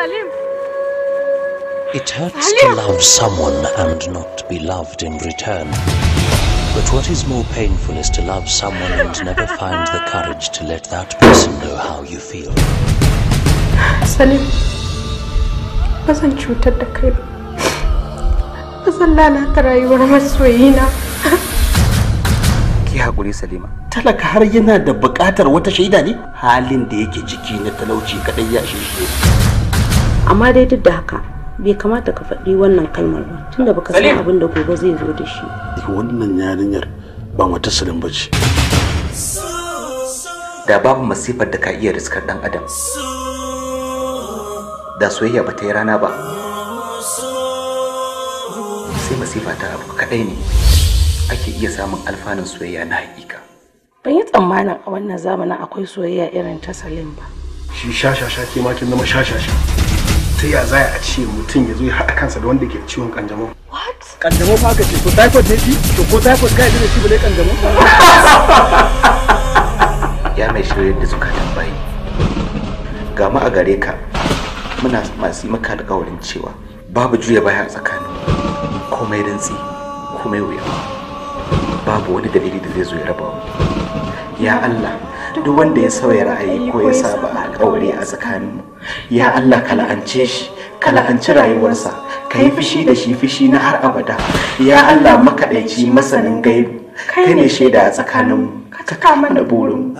Salim. It hurts Salim. to love someone and not be loved in return. But what is more painful is to love someone and never find the courage to let that person know how you feel. Salim, ba zan da kai ba. Ba zan lalata rayuwar masoyina. Ki hakuri, Salima. Talaka har yana da buƙatar wata shaida ne? Halin da yake jiki na talauci kaɗai ya shi amma dai duk da haka bai kamata ka faɗi wannan kalmar ba tunda baka san abin da gobe zai zo da shi wannan yarinyar ba mata ba ce. da babu masifar da ka iya riskar dan adam da soyayya ba ta yi rana ba sai masifa ta abu kaɗai ne ake iya samun alfanun soyayya na hakika ban yi tsammanin a wannan zamanin akwai soyayya irin ta salim ba shi shashasha ke makin zama shashasha ta ya za a ce mutum ya zo ya haɗa kansa da wanda ke ciwon kanjamau what kanjamau fa ka ce ko typhoid ne shi to ko typhoid ka da shi bale kanjamau ya mai shirye da suka tambayi ga mu a gare ka muna masu maka alƙawarin cewa babu juya baya tsakanin komai rintsi komai wuya babu wani dalili da zai zo ya raba mu ya Allah duk wanda ya sauya ra'ayi ko ya saba alƙawari a tsakaninmu ya Allah ka la'ance shi ka la'anci rayuwarsa ka yi fishi da shi fishi na har abada ya Allah makaɗaici masanin gaibu kai ne shaida a tsakaninmu ka kama da burin.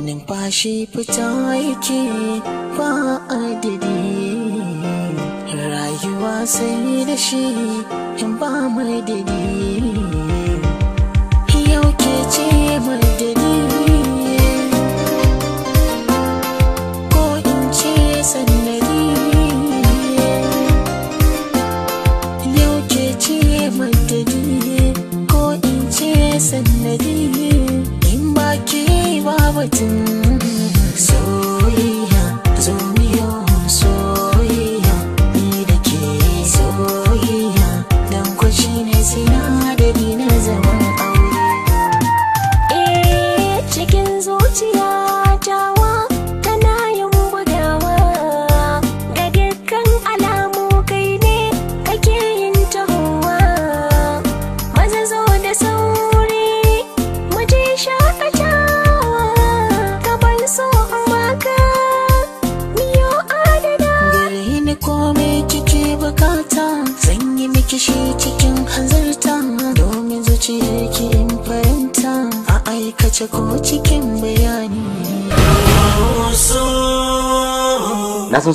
numfashi fita aiki ba adadi rayuwa sai da shi in ba mai dadi yau ke ce mai dadi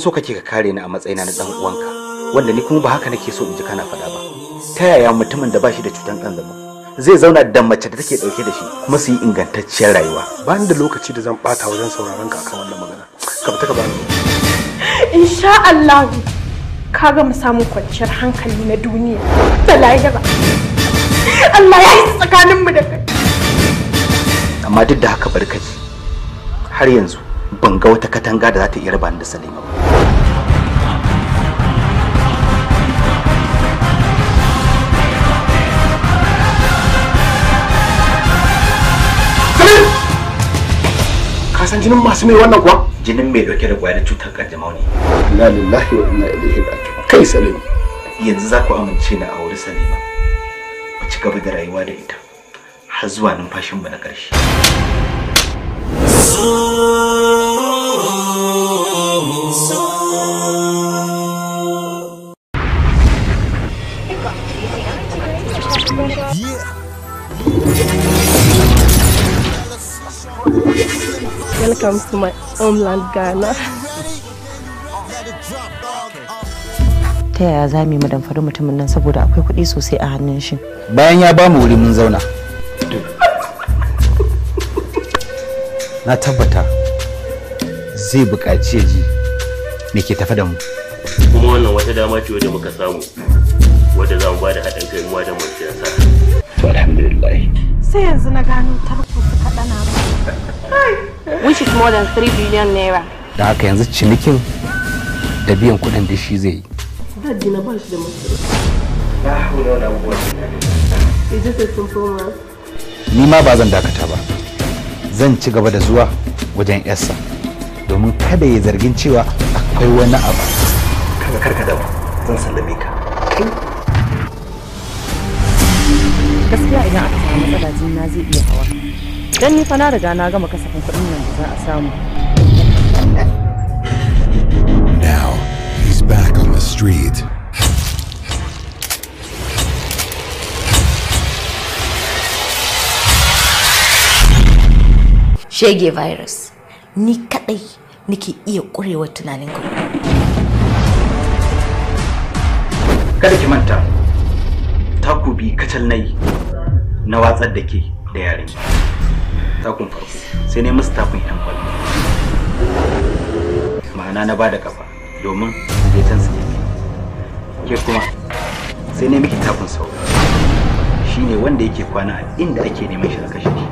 so kake ka kare ni a matsayina na dan uwanka wanda ni kuma ba haka nake so in ji kana faɗa ba ta yaya mutumin da bashi da cutan kanzama zai zauna da mace da take dauke da shi kuma su yi ingantacciyar rayuwa ba ni da lokaci da zan bata wajen sauraron ka akan wannan magana ka fita ka ba ni insha Allah ka ga mu samu kwanciyar hankali na duniya da lahira Allah ya yi tsakanin mu da kai amma duk da haka barkaci har yanzu ban ga wata katanga da za ta iya raba ni da Salima san jinin masu mai wannan kuwa jinin mai dauke da kwayar cutar kanjamau ne inna lillahi wa inna ilaihi raji'un kai salima yanzu za ku amince na auri salima ku ci gaba da rayuwa da ita har zuwa numfashin mu na ƙarshe Yeah. Welcome to my homeland Ghana. Ta yaya za mu yi damfari mutumin nan saboda akwai kuɗi sosai a hannun shi. Bayan ya ba mu wuri mun zauna. Na tabbata zai buƙaci ya ji me ke tafa da mu. Kuma wannan wata dama ce wadda muka samu wadda za mu ba da haɗin kai mu da masu siyasa. To alhamdulillah. Sai yanzu na gano tarko. which is more than 3 billion naira da haka yanzu cinikin da biyan kudin da shi zai yi ni ma ba zan dakata ba zan ci gaba da zuwa wajen yarsa domin kada ya zargin cewa akwai wani abu kada karka da zan sallame ka hmm? gaskiya idan aka samu matsala na zai iya hawa Dan ni fa na riga na gama kasafin kuɗin nan da za a samu. Now he's back on the street. Shege virus, ni kaɗai nake iya ƙurewar tunanin ku. Kada ki manta, takubi kacal na yi na watsar da ke da yaren. takun farko sai ne musu takun yan kwallo ma'ana na bada kafa domin je can su ke kuma sai ne miki takun sau shine wanda yake kwana inda ake neman shi a kashe shi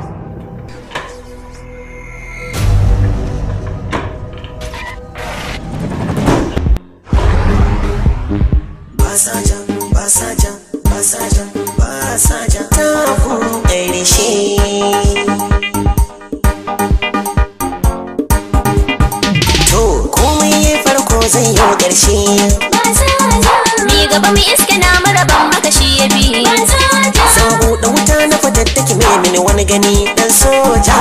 zai yi ƙarshe ni gaba mai iska na maraban maka shi ya bi san buɗe wuta na fatattaki mai mini wani gani ɗan soja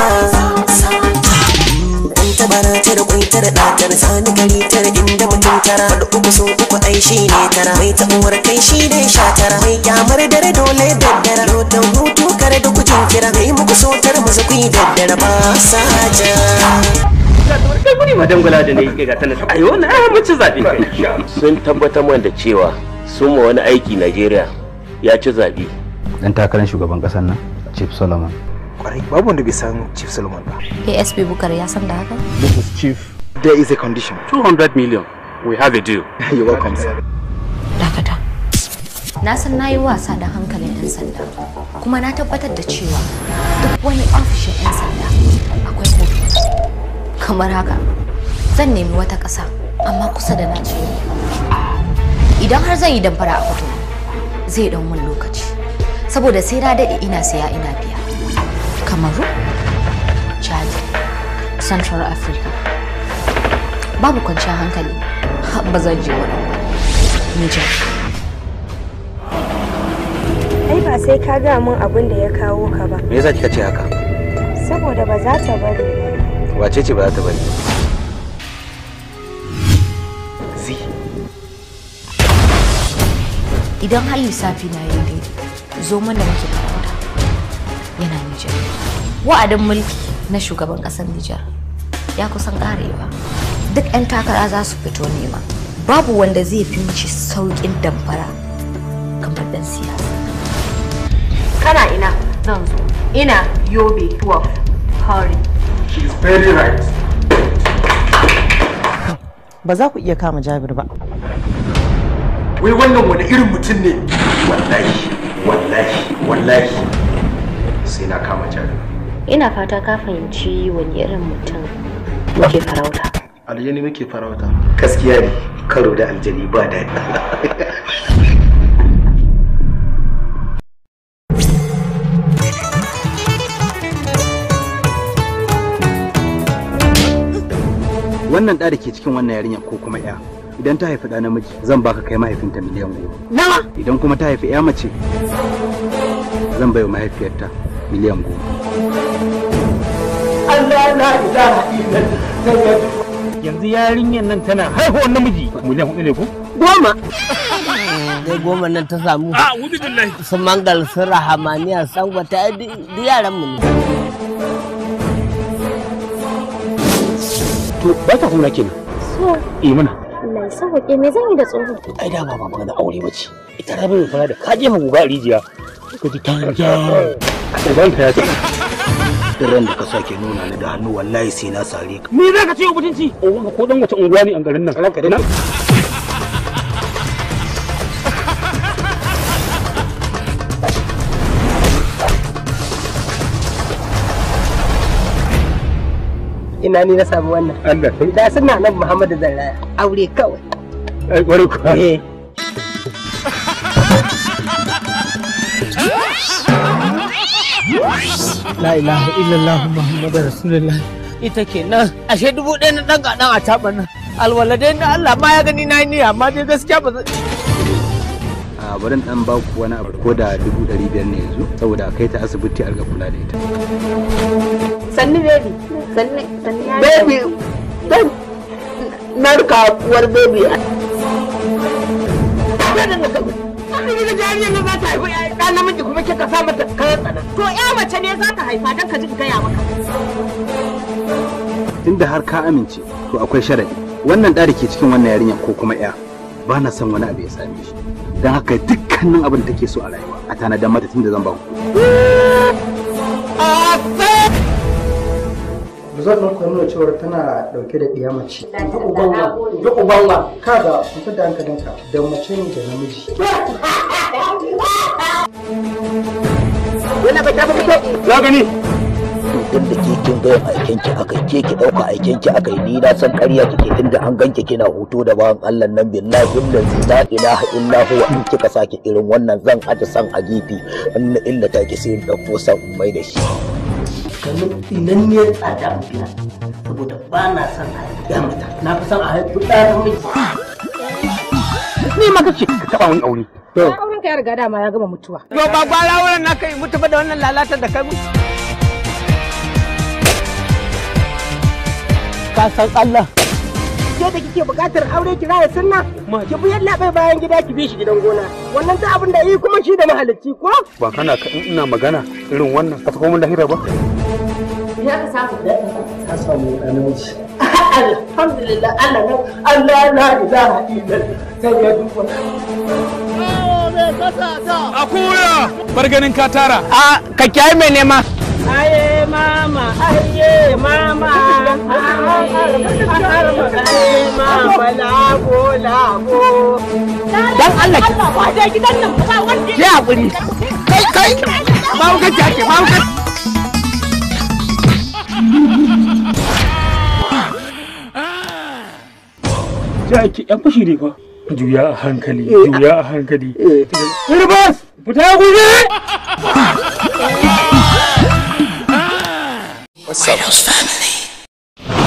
ɗan tabara ta ƙwai ta ɗatar sani gari da inda mutum tara da uku so uku ai shi ne tara mai taɓuwar kai shi ne sha tara mai kyamar dare dole daddara rotan hutu kare da kujin kira mai muku so tara kuyi daddara ba sa ja ga ta kai guri ma dangwala da nayi ga ta na ayo wannan ai mace zabe sun tabbatar man da cewa sun ma wani aiki Najeriya ya ci zabe dan takarar shugaban kasar nan Chief Solomon kwarai babu wanda bai san Chief Solomon ba ASP Bukar ya san da haka this Chief there is a condition 200 million we have a deal you're welcome sir dakata na san na yi wasa da hankalin 'yan sanda kuma na tabbatar da cewa duk wani ofishin 'yan sanda akwai kamar haka zan nemi wata ƙasa amma kusa da najeriya idan har zan yi damfara a kwatano zai ɗan mun lokaci saboda sai na daɗe ina saya ina biya kamaru chad central africa babu kwanciyar hankali ba zan je wani nijar ai ba sai ka ga mun abin da ya kawo ka ba me yasa kika ce haka saboda ba za ta bari ba wace ce ba za ta bari zi idan har lissafi na yi daidai zo mana muke farauta yana Nijar wa'adin mulki na shugaban ƙasar Nijar ya kusan ƙarewa duk 'yan takara za su fito nema babu wanda zai fi mace sauƙin damfara kamar ɗan siyasa kana ina zan zo ina yobe 12 hari She is very right. Ba za ku iya kama Jabir ba. Wai wannan wani irin mutum ne? Wallahi, wallahi, wallahi. Sai na kama Jabir. Ina fata ka fahimci wani irin mutum muke farauta. Aljani muke farauta. Gaskiya ne, karo da aljani ba daɗi. wannan da ke cikin wannan yarinya ko kuma ya idan ta haifi ɗa namiji zan baka kai mahaifinta miliyan goma nawa idan kuma ta haifi ya mace zan baiwa mahaifiyarta miliyan goma Allah la ilaha yanzu yarinyar nan tana haihuwar namiji miliyan hudu ne ko goma dai goma nan ta samu a wudu billahi su mangal su rahamaniya sangwata wata yaran mu ne to ba ta hula kenan so eh mana Mai ya ke me zan yi da tsoro? ai da ba ban da aure bace ita rabin fara da kaje mu guga rijiya ka ji tanja Ban ta ya ce ran da ka sake nuna ni da hannu wallahi sai na sare ka me zaka ce mutunci uban ko dan wata unguwa ne an garin nan ranka da ina ni na samu wannan da suna nan muhammadu zarraya aure kawai ƙwarai kuwa eh. la ilaha illallah muhammadu rasulullah ita kenan ashe dubu ɗaya na ɗan kaɗan a taɓa nan alwaladai na allah ma ya gani na yi niyya amma dai gaskiya ba zan a barin ɗan ba ku wani abu ko da dubu ɗari biyar ne yanzu saboda kai ta asibiti a kula da ita sannu baby sannu baby dan narka uwar baby ɗa namiji kuma kika sa mata kayan tsana. To ya mace ne za ta haifa don ka ji gaya maka. Tunda har ka amince to akwai sharadi. Wannan ɗa da ke cikin wannan yarinyar ko kuma ya ba na son wani abu ya same shi. Don haka dukkanin abin da take so a rayuwa a tana tanadar mata tunda zan ba ku. Ah, zan nan ku nuna cewar tana dauke da ɗiya duk ubanwa duk ubanwa kaga ku da hankalinka da mace ne da namiji yana ba ta fito ya gani tun da kin ga aikin ki aka ke ki dauka aikin ki aka ni na san ƙarya kike tun da an ganke kina hoto da bawan Allah nan billahi billahi la ilaha illa huwa in kika sake irin wannan zan aje san a gefe in illa ta ki sai dauko san mai da shi yanzu inan ne tsada mutuwa saboda ba na son a ya mata na fi son a haifi ɗaya miji ni ma kace ka taba wani aure to auren ka ya riga dama ya gama mutuwa yo ba gwara wannan naka yi mutu da wannan lalatar da kai ka san Allah ke da kike buƙatar aure ki raya sunna ki bi yalla bai bayan gida ki bi shi gidan gona wannan ta abin da yi kuma shi da mahalicci ko ba kana ka ina magana irin wannan ka sako mun lahira ba ya ka samu da ka samu da namiji alhamdulillah Allah na Allah la ilaha illallah sai ya duba Akuya! Bar ganin ka tara. A, ka kyayi mai nema. aye mama aye mama dan Allah ki kwaje gidan nan ba wanda ya hakuri kai kai ba mu gaji ake ba gaji Jaki ne fa juya a hankali juya a hankali Irbas fita guje What's family.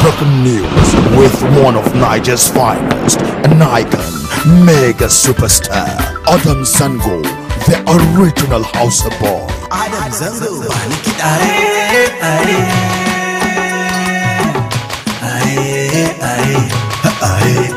Broken news with one of Niger's finest, an icon, mega superstar, Adam Sango, the original house boy. Adam Sango, eh? Aye, aye, aye.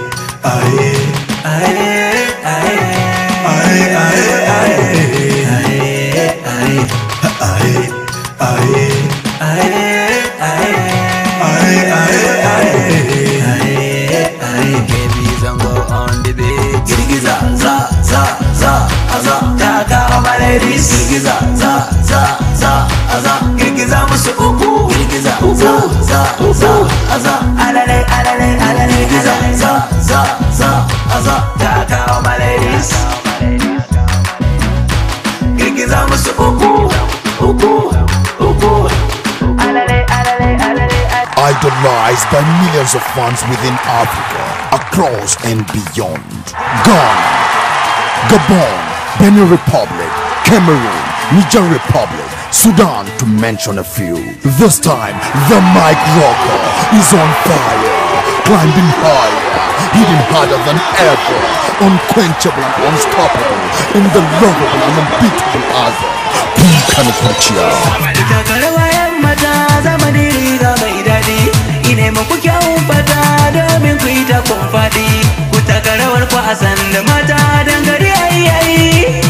by millions of fans within Africa, across and beyond. Ghana, Gabon, Benin Republic, Cameroon, Niger Republic, Sudan, to mention a few. This time, the mic Rocker is on fire, climbing higher, hitting harder than ever, unquenchable and unstoppable, in the lovable and unbeatable other. ku kyawun fata domin ku yi takon faɗi ku taka rawar ku Hassan da mata don gari ayyayi eh,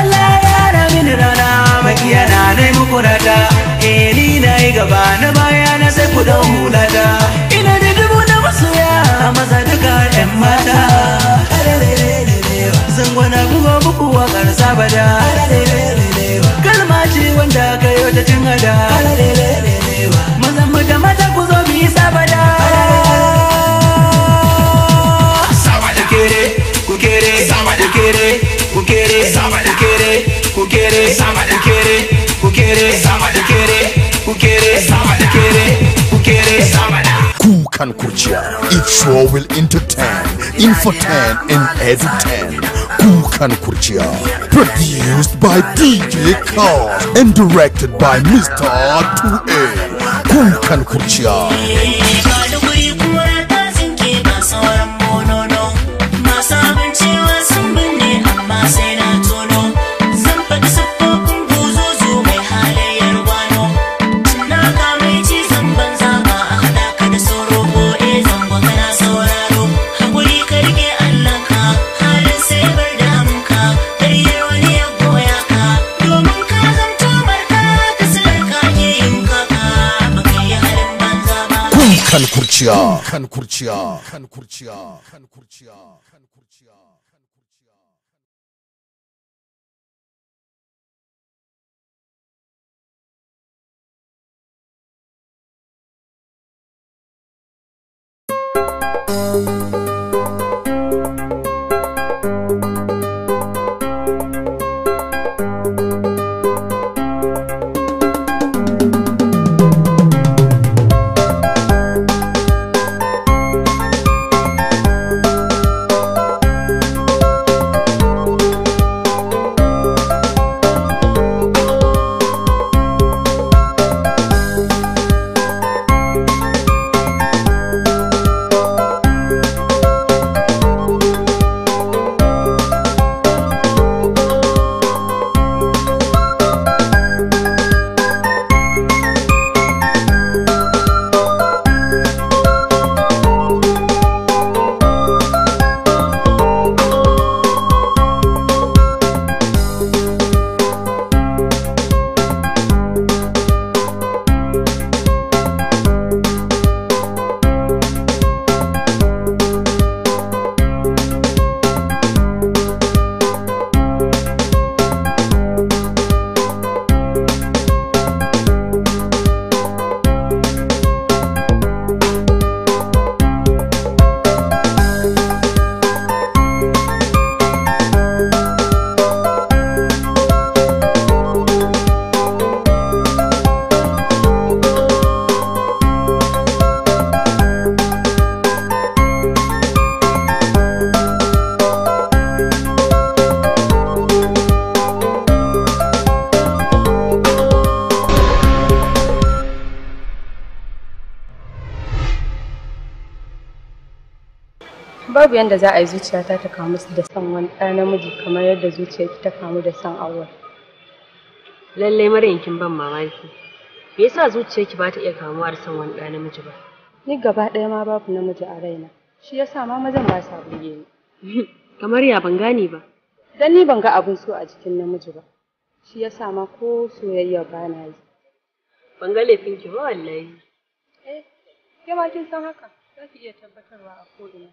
Allah ya ra mini rana makiya na yi muku rata eh ni na yi gaba na baya na sai ku dau hulata ina da dubu na masoya maza duka mata zangwana buga muku wakar sabada kalma ce wanda ka yi ta cin hada mazan mu da mata ku zo mu yi sabada kukere kukere kukere kukere kukere kukere kukere kukere kukere kukere kukere kan kurciya it's all will entertain Infotan and Evitan. Kukan Kurchia. Produced by DJ Cars and directed by Mr. 2A. Kukan Kurchia. sauran monono masu abinci wasu binne amma sai na kurciya kan kurciya kan kurciya kan Thank you. yadda za a yi zuciyata ta kamu da son wani ɗa namiji kamar yadda zuciyarki ta kamu da son aure. Lallai marayin kin ban mamaki. Me yasa zuciyarki ba ta iya kamuwa da son wani ɗa namiji ba? Ni gaba ɗaya ma babu namiji a raina. Shi yasa ma mazan ba sa burge ni. Kamar ya ban gane ba. Dan ni ban ga abin so a jikin namiji ba. Shi yasa ma ko soyayya ba na yi. Ban ga laifinki ba wallahi. Eh, ke ma kin san haka. Za ki iya tabbatarwa a ko'ina.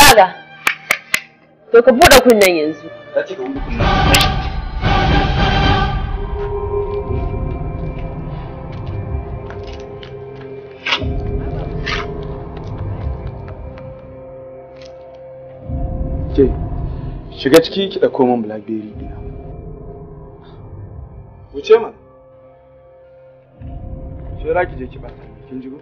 Kaga, to ka buɗe kunnen yanzu. ce ka Ke, shiga ciki ki ɗauko min blackberry ɗina. Wuce mana. Shira ki je ki ba, kin jigo?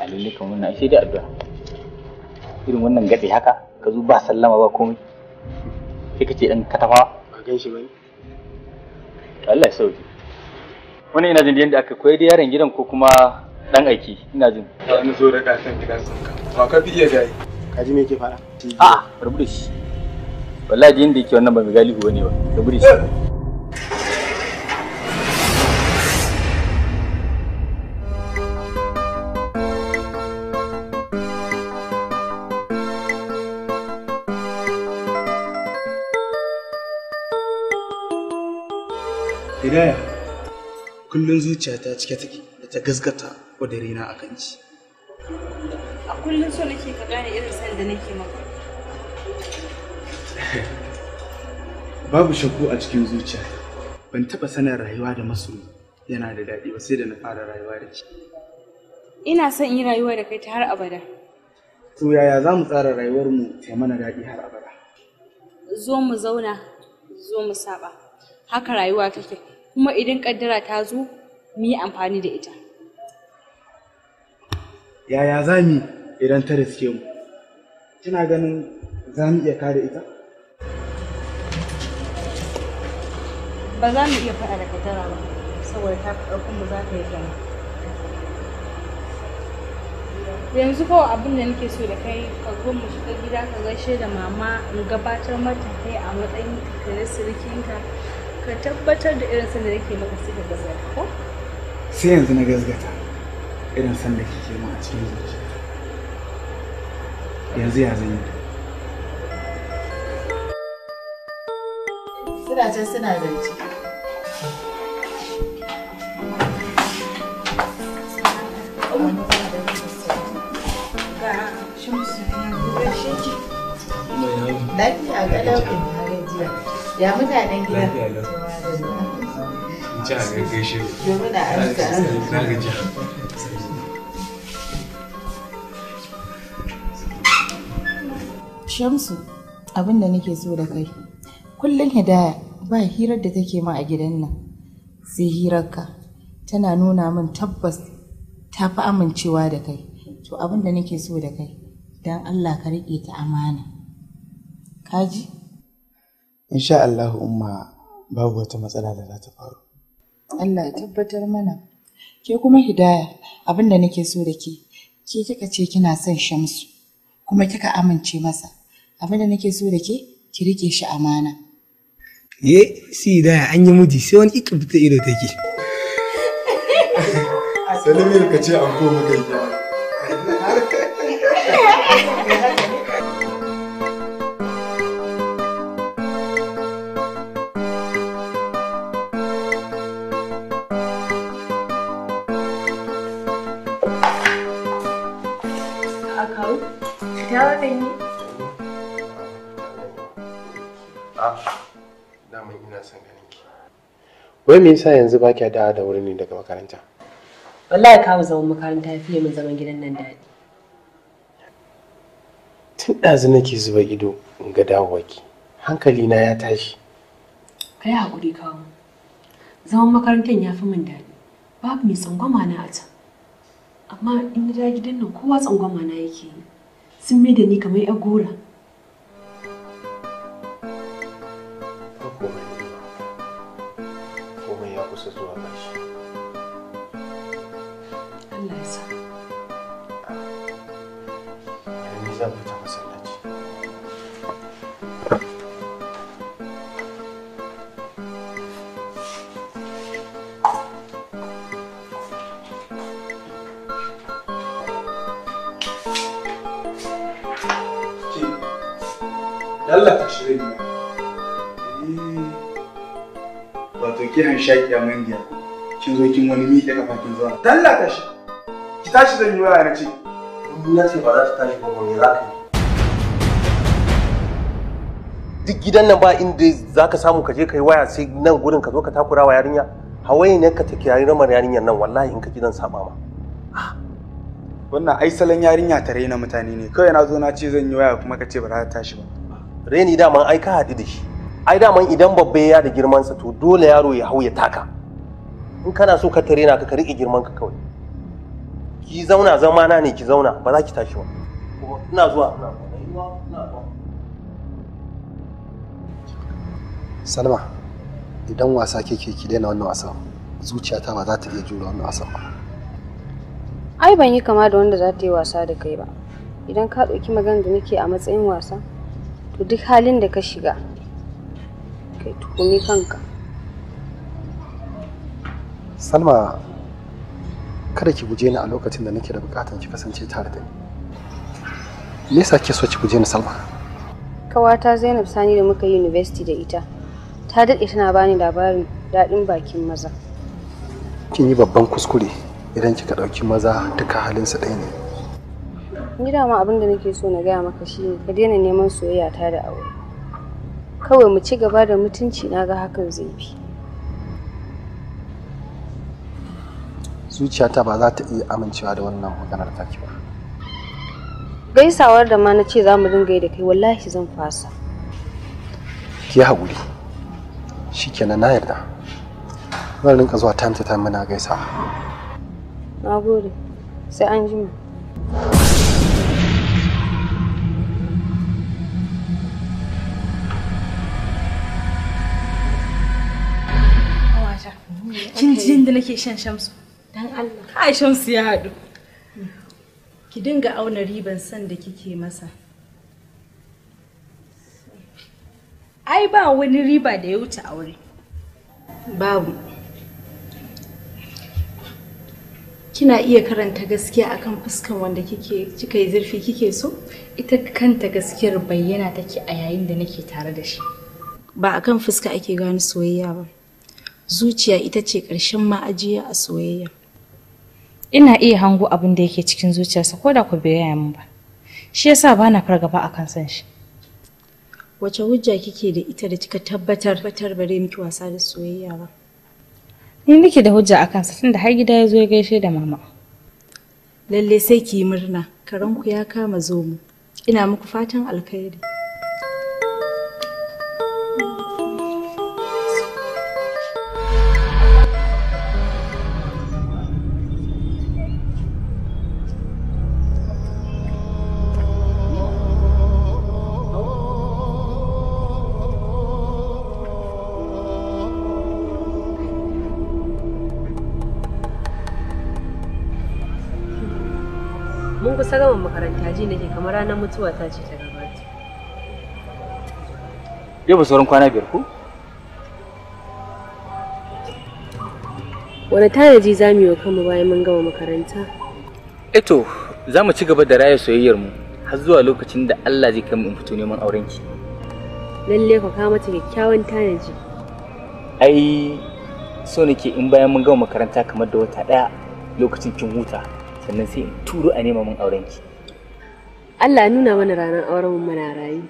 a lalle kan wannan sai dai addu'a irin wannan gad'i haka ka zo ba sallama ba komai sai ka ce ɗan katafa ba gan shi bane Allah ya sauke wani ina jin yadda aka koyi da yaron gidan ko kuma ɗan aiki ina jin ta wani zo da kasan gidan sun ka ba ka fi iya gayi ka ji me ke fara a rubuce wallahi yadda yake wannan ba mai galihu ne ba rubuce kullum zuciyata cike take da ta gasgata ƙudurina a kan ci. A kullum so nake ka gane irin san da nake maka. Babu shakku a cikin zuciya. Ban taɓa sanin rayuwa da masoyi yana da daɗi ba sai da na fara rayuwa da ke. Ina son yi rayuwa da kai ta har abada. To yaya za mu tsara rayuwarmu ta mana daɗi har abada? Zo mu zauna, zo mu saba. Haka rayuwa take. kuma idan kaddara ta zo mu yi amfani da ita yaya za mu idan ta riske mu kina ganin za mu iya kare ita ba za mu iya faɗa da kaddara ba saboda ta fi mu za ta yi zama yanzu kawai abin da nake so da kai ka zo mu shiga gida ka gaishe da mama in gabatar mata kai a matsayin ka na sirikinka ka tabbatar da irin sanda ke maka sai ka ko sai yanzu na gaskata irin sanda kike mu a cikin zuciya yanzu ya zanyi. suna can suna zance Lafiya ga na gajiya. Ya mutanen gida. Lafiya lau. Domin na Na gaji. Shamsu, abin da nake so da kai. Kullum Hidaya ba hirar da take ma a gidan nan. Sai hirarka tana nuna min tabbas ta fi amincewa da kai. To abin da nake so da kai, don Allah ka riƙe ta amana. Kaji? insha Allahu umma babu wata matsala da za ta faru Allah ya tabbatar mana ke kuma hidaya abin da nake so da ke ke kika ce kina son shamsu kuma kika amince masa abin da nake so da ke ki rike shi amana ye si hidaya an yi miji sai wani ikibta ido take salimi ka ce an koma wai me yasa yanzu ba kya da wurin ne daga makaranta wallahi kawo zaman makaranta ya fiye min zaman gidan nan daɗi tun ɗazu nake zuba ido in ga dawowaki hankali na ya tashi ka yi haƙuri kawo zaman makarantar ya fi min daɗi babu mai tsangwama na a can amma in na gidan nan kowa tsangwama na yake yi sun mai da ni kamar 'yar gora kiran hanshaƙi a mangiya kin zo kin wani miƙe kafa kin zuwa dalla shi. ki tashi zan yi waya na ce na ce ba za ta tashi ba me za ka yi duk gidan nan ba inda za ka samu ka je ka yi waya sai nan gurin ka zo ka takura wa yarinya hawaye ne ka ta kiyayi ramar yarinyar nan wallahi in ka ji saba ma wannan ai salon yarinya ta raina mutane ne kawai na zo na ce zan yi waya kuma ka ce ba za ta tashi ba reni daman ai ka haɗu da shi ai daman idan babba ya da girmansa to dole yaro ya hau ya taka in kana so ka tare na ka riƙe girman ka kawai ki zauna zama na ne ki zauna ba za ki tashi ba kuma ina zuwa salma idan wasa keke ki daina wannan wasan zuciyata ba za ta iya jure wannan wasan ba ai ban yi kama da wanda za ta yi wasa da kai ba idan ka ɗauki magana da nake a matsayin wasa to duk halin da ka shiga kai tuhumi kanka salma kada ki guje a lokacin da nake da bukatan ki kasance tare da ni me yasa so ki guje ni salma kawata zainab sani da muka yi university da ita ta daɗe tana bani labarin daɗin bakin maza kin yi babban kuskure idan kika ɗauki maza duka halinsu ɗaya ne ni dama abin da nake so na gaya maka shine ka daina neman soyayya ta da aure kawai mu ci gaba da mutunci na ga hakan zai fi zuciyata ba za ta iya amincewa da wannan maganar taki ba gaisawar da ma na ce za mu dinga yi da kai wallahi zan fasa ki haƙuri ke na yarda zan rinka zuwa time to time muna gaisawa na gode sai an Kin ji yadda nake shan shamsu? Dan Allah. Kai shamsu ya haɗu. Ki dinga auna riban san da kike masa. Ai ba wani riba da ya wuce aure. Babu. Kina iya karanta gaskiya akan fuskan wanda kike kika yi zurfi kike so? Ita kanta gaskiyar bayyana take a yayin da nake tare da shi. Ba akan fuska ake gane soyayya ba. zuciya ita ce ƙarshen ma'ajiya a soyayya ina iya hango abin da yake cikin zuciyarsa ko da ku bai yaya min ba shi yasa ba na fargaba a kan san shi wace hujja kike da ita da kika tabbatar tabbatar bare miki wasa da soyayya ba ni nake da hujja a kansa tunda har gida ya zo ya gaishe da mama lalle sai ki murna karanku ya kama zomo ina muku fatan alkhairi ta gama makaranta ji nake kamar ranar mutuwa ta ce ta gabata. Yau ba sauran kwana biyar ko? Wani tanaji za mu yi wa kanmu bayan mun gama makaranta? Eto, eh za mu ci gaba da raya soyayyar mu har zuwa lokacin da Allah zai kai mu in fito neman aurenki. Lalle ka kawo mata kyakkyawan tanaji. Ai, so nake in bayan mun gama makaranta kamar da wata ɗaya lokacin kin huta. sannan sai turo a nema min aurenki Allah nuna mana ranar auren mu muna rayu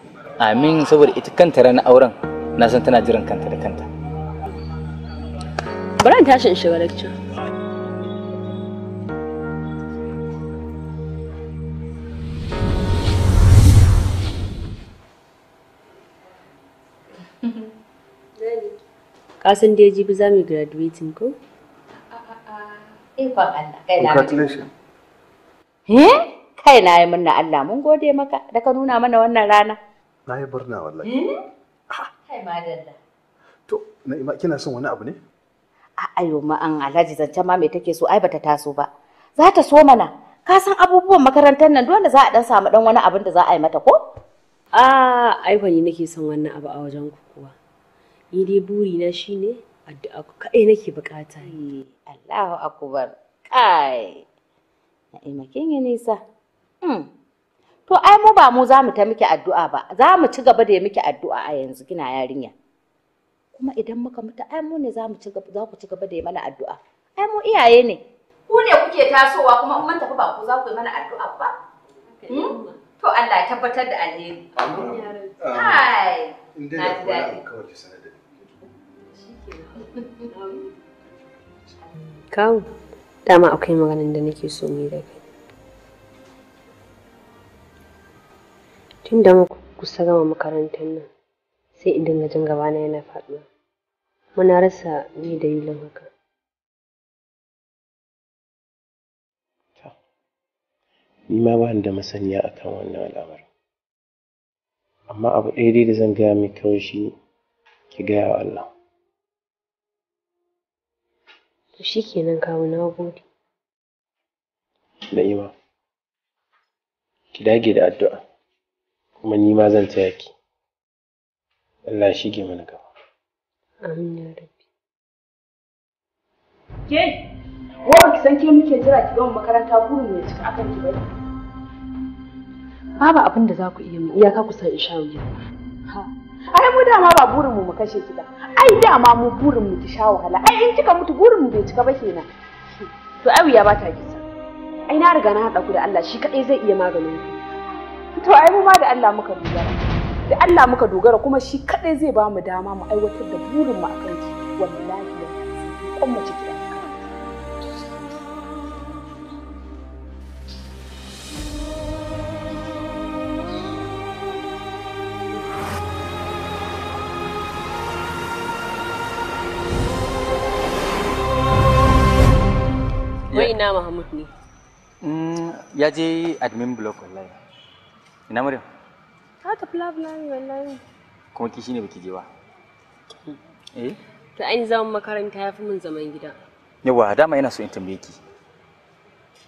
amin saboda ita kanta ranar auren na san tana jiran kanta da kanta bari ta tashi in shiga kasan da ya jibi za mu graduating ko? Eh ba Allah, kai na. Congratulations. Eh? kai na yi Allah mun gode maka da ka nuna mana wannan rana na yi birna wallahi eh? kai madalla to ima kina son wani abu ne a ayo ma an alhaji zance ma me take so ai bata taso ba za ta so mana ka san abubuwan makarantar nan dole za a dan samu dan wani abin da za a yi mata ko a ai bani nake son wannan abu a wajen ku kuwa ni dai buri na shine addu'a ku kai nake bukata eh, Allahu akbar kai kin ya nisa hmm. to ai mu ba mu za mu ta miki addu'a ba za mu ci gaba da ya miki addu'a a yanzu kina yarinya kuma idan muka mutu ai mu ne za mu ci gaba za ku ci gaba da ya mana addu'a ai mu iyaye ne ku ne kuke tasowa kuma umar mun tafi ba ku za ku yi mana addu'a ba hmm? to Allah ya tabbatar da alheri Hai. na ji daɗi kawo dama akwai maganin da nake so mu da kai tun da muka kusa gama makarantar nan sai idan dinga jin gabana yana faɗuwa muna rasa da dalilin haka ni ma ba da masaniya akan wannan al'amar amma abu ɗaya dai da zan gaya mai kawai shi ki gaya wa Allah To shi kenan kawo na gode. Na'ima, ki dage da addu'a, kuma ni ma zan taya ki. Allah shi ke mana gaba. Amin ya rabbi. Ke, wa ki san ke muke jira ki gama makaranta burin ne cika akan ki bai. Babu abin da za ku iya mu iyaka ku san in sha wuya. Ha. ai mu dama ba burin mu mu kashe ki ba ai dama mu burin ki sha wahala ai in kika mutu burinmu mu bai cika ba kenan to ai ba ta kisa ai na riga na haɗa ku da Allah shi kadai zai iya maganin ku to ai mu ma da Allah muka dogara da Allah muka dogara kuma shi kadai zai ba mu dama mu aiwatar da burin mu akan ki wallahi kuma mu ciki ina Mahmud ne. Mm, ya je admin block wallahi. Ina Maryam? Ta tafi labulani wallahi. Kuma ki shine baki je ba. Eh? Ta ai zaman makaranta ya fi mun zaman gida. Yawa dama ina so in tambaye ki.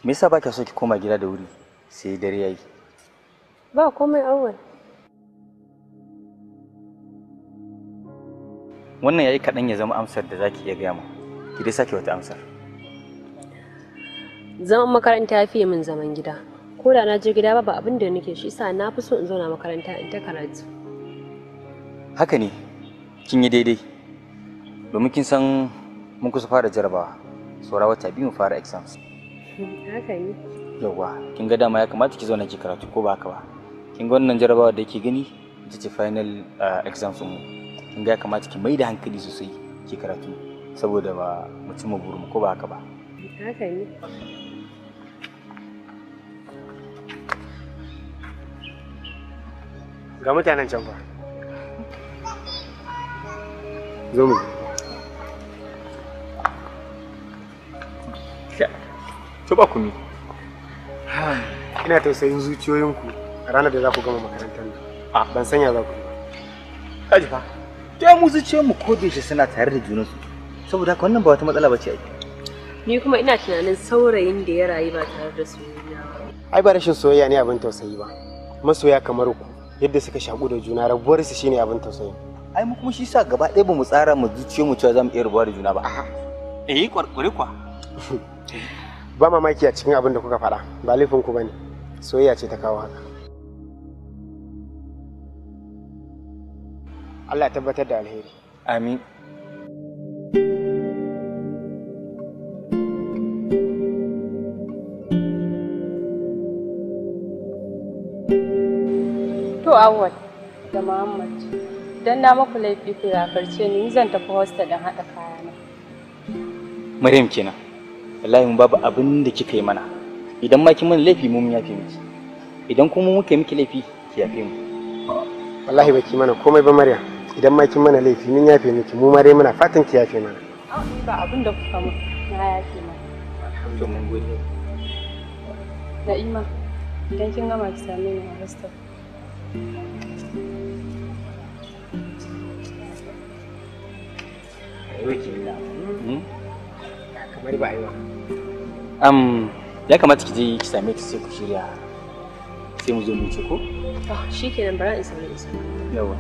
Me yasa ba ki so ki koma gida da wuri sai dare yayi? Ba komai awwal. Wannan yayi kaɗan ya zama amsar da zaki iya gaya mu. Ki dai sake wata amsar. zaman makaranta ya fiye min zaman gida ko da na je gida ba ba abin da nake shi sa na fi so in zauna makaranta in ta karatu haka ne kin yi daidai domin kin san mun kusa fara jarabawa saurawa ta biyu mu fara exams haka ne yawwa kin ga dama ya kamata ki zauna ki karatu ko ba haka ba kin ga wannan jarabawa da yake gani ita ce final eh, exams mu kin ga ya kamata ki mai da hankali sosai ki karatu saboda ba mutum ci mu burin ko ba haka ba haka ne ga mutanen can ba zo mu ba ku mi ina tausayin zuciyoyinku a ranar da za ku gama makarantar nan a ah. ban sanya za ku yi ba kaji fa ta mu zuciyoyinmu ko da suna tare da junansu saboda haka wannan ba wata matsala ba ce ai ni kuma ina tunanin saurayin da ya rayu ba tare da soyayya ba ai ba rashin soyayya ne abin tausayi ba masoya kamar ku yadda suka shaku da juna rabuwar su shine abin tausayi ai mu kuma shi sa gaba ɗaya bamu tsara mu zuciyo mu cewa zamu iya rabuwa da juna ba eh kwarkware kwa ba mamaki a cikin abin da kuka faɗa ba laifin ku bane soyayya ce ta kawo haka Allah ya tabbatar da alheri amin Awad da Muhammad. Dan na muku laifi ku yafarce ni zan tafi hostel dan haɗa kayana. Maryam kenan. Wallahi mun babu abin da kika yi mana. Idan ma kin mana laifi mun yafe miki. Idan kuma muke miki laifi ki yafe mu. Wallahi baki mana komai ba Maryam. Idan ma kin mana laifi mun yafe miki mu ma dai muna fatan ki yafe mana. A'a ba abin da kuka mu na yafe mana. Alhamdulillah. Na'ima. idan kin gama ki same ni a hostel um, ya kamata ki je ki same ta sai ku shirya sai mu zo mu ce ko? Ah, shikenan bara in same ta. Yawa.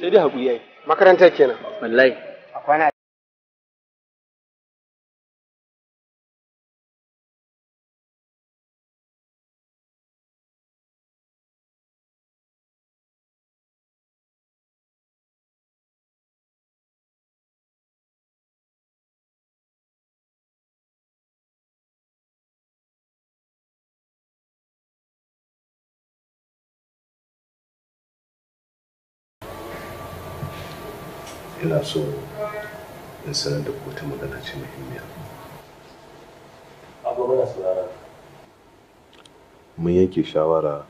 sai dai haƙuri yayi Makarantar kenan wallahi a kwana ina so in sanar da kotu magana ce muhimmiya mun yanke shawara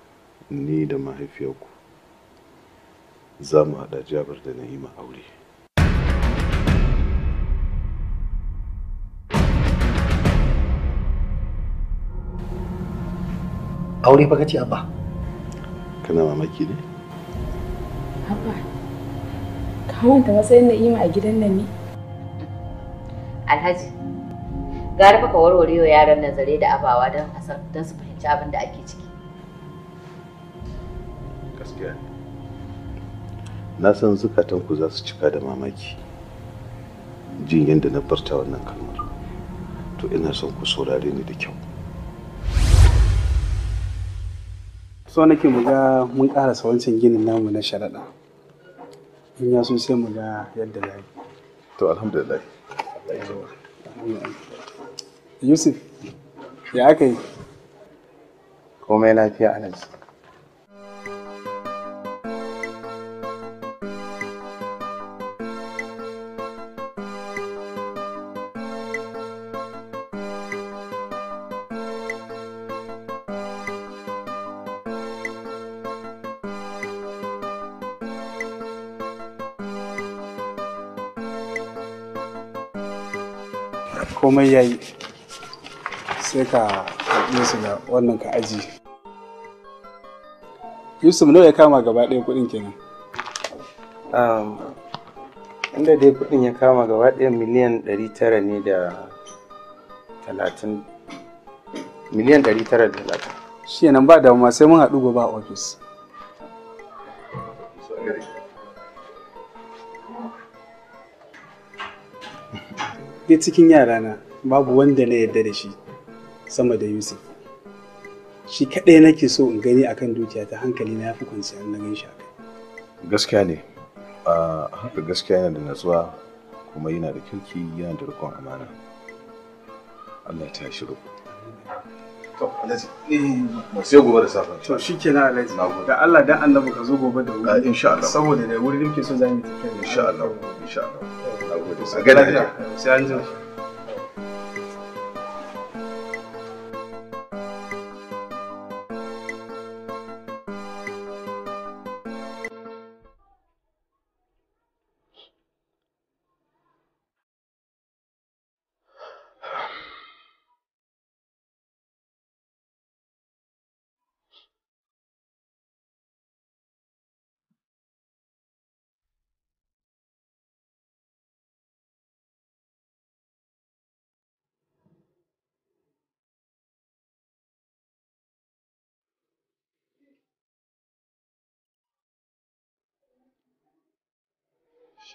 ni da mahaifiyarku za mu haɗa jabar da na'ima aure aure fa kace abba kana mamaki ne abba manta matsayin na'ima a gidan nan ne alhaji gara fa ka warware yaran nan zare da abawa don don su fahimci abin da ake ciki gaskiya na san zukatanku za su cika da mamaki jin yadda na barta wannan kalmar to ina son ku saurare ni da kyau so nake mu ga mun ƙarasa wancan ginin namu na sharaɗa in ya so sai mu ga yadda za to alhamdulillah yusuf ya aka yi komai lafiya anas ka haɗe su ga wannan ka aji yusuf nawa ya kama gaba ɗaya kuɗin kenan um, inda dai kuɗin ya kama gaba ɗaya miliyan ɗari tara ne da talatin miliyan ɗari tara da talatin shi nan ba damuwa sai mun haɗu gaba a ofis dai cikin yarana babu wanda na yarda da shi sama da Yusuf. Shi kaɗai nake so in gani akan dukiya ta hankali na yafi kwanciyar na gan shi Gaskiya ne, haka gaskiya yana da natsuwa kuma yana da kirki yana da rikon amana. Allah ya shi roƙo. To, Alhaji, ba eh, sai gobe da safe. To, shi ke na Alhaji. Da Allah dan annabi ka zo gobe da wuri. Ah, insha Allah. Saboda da wuri muke so za mu tafiya. Insha Allah. Insha Allah. Na gode. Sai an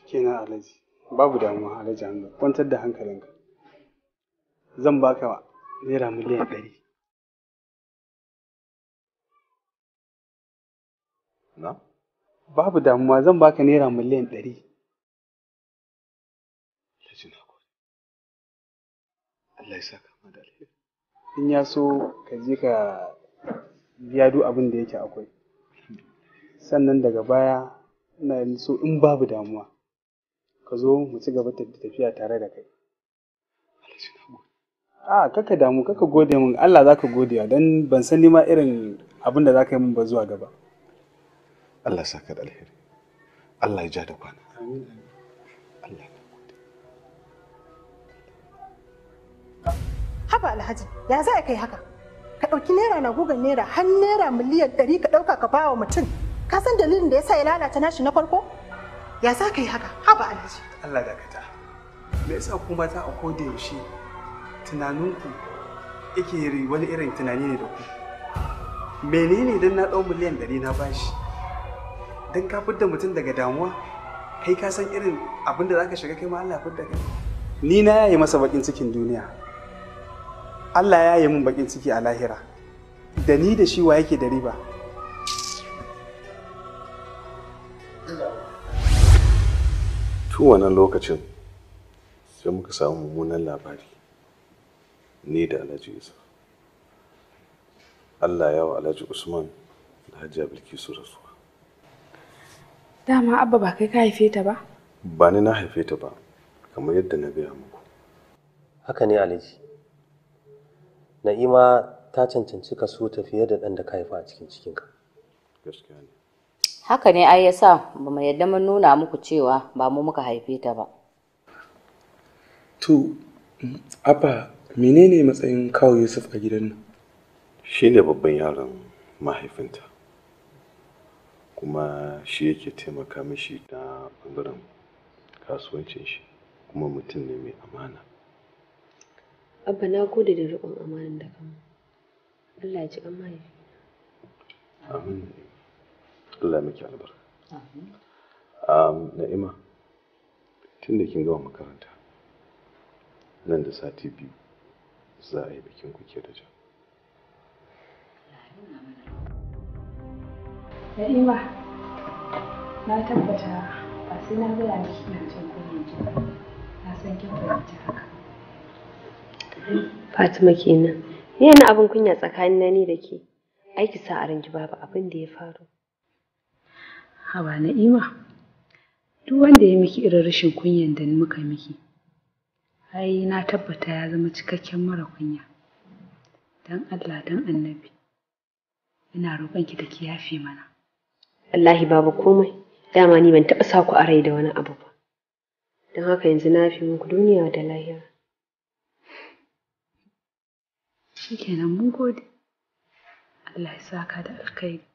kenan Alhaji. Babu damuwa Alhaji Hamza. Kwantar da hankalinka. Zan baka naira miliyan ɗari. Na? Babu damuwa zan baka naira miliyan ɗari. na Allah ya saka da In ya so ka je ka biya duk abin da yake akwai. Sannan daga baya ina so in babu damuwa ka zo mu ci gaba da tafiya tare da kai a kaka damu kaka gode min Allah za ka gode don ban san ma irin abin da za ka yi min ba zuwa gaba Allah sa ka da alheri Allah ya ja da kwana Allah haba alhaji ya za a kai haka ka ɗauki naira na gugan naira har naira miliyan ɗari ka ɗauka ka bawa mutum ka san dalilin da ya sa ya lalata nashi na farko ya za ka yi haka haba alhaji Allah da kata, me yasa ku mata a koda yaushe tunaninku yake wani irin tunani ne da ku menene dan na dau miliyan ɗari na bashi dan ka fidda mutum daga damuwa kai ka san irin abin da zaka shiga kai ma Allah fidda kai ni na yayi masa bakin cikin duniya Allah ya yi min bakin ciki a lahira da ni da shi wa yake da riba tun wannan lokacin sai muka samu mummunan labari ni da alhaji yusuf allah yawa alhaji usman da hajiya bilkisu rasuwa dama abba ba kai ka haife ta ba ba ni na haife ta ba kamar yadda na gaya muku haka ne alhaji na'ima ta cancanci kaso so ta fiye da ɗan da ka haifa a cikin cikinka gaskiya ne haka ne ai yasa ba mu yadda mun nuna muku cewa ba mu muka haife ta ba to abba menene matsayin kawo yusuf a gidan nan shi ne babban yaron mahaifinta kuma shi yake taimaka mishi ta ɓangaren kasuwancin shi kuma mutum ne mai amana abba na gode da riƙon amanin da kama allah ya ji an mahaifi amin Allah miki albarka um, na'ima tun da kin gama makaranta nan da sati biyu za a yi bikin kuke da jan na'ima na tabbata ba sai na gaya miki ina jin kunya ki na san kin fahimci haka Fatima kenan. Ni yana abin kunya tsakanin na ni da ke. Aiki sa a ranki babu abin da ya faru. Haba na'ima, duk wanda ya miki irin rashin kunyan da muka miki, ai na tabbata ya zama cikakken mara kunya. Don Allah don annabi, ina roƙonki da ki mana. Wallahi babu komai, dama ni ban taɓa sa ku a rai da wani abu ba. Don haka yanzu na fi muku duniya da lahira. Shikenan mun gode. Allah ya saka da alkhairi.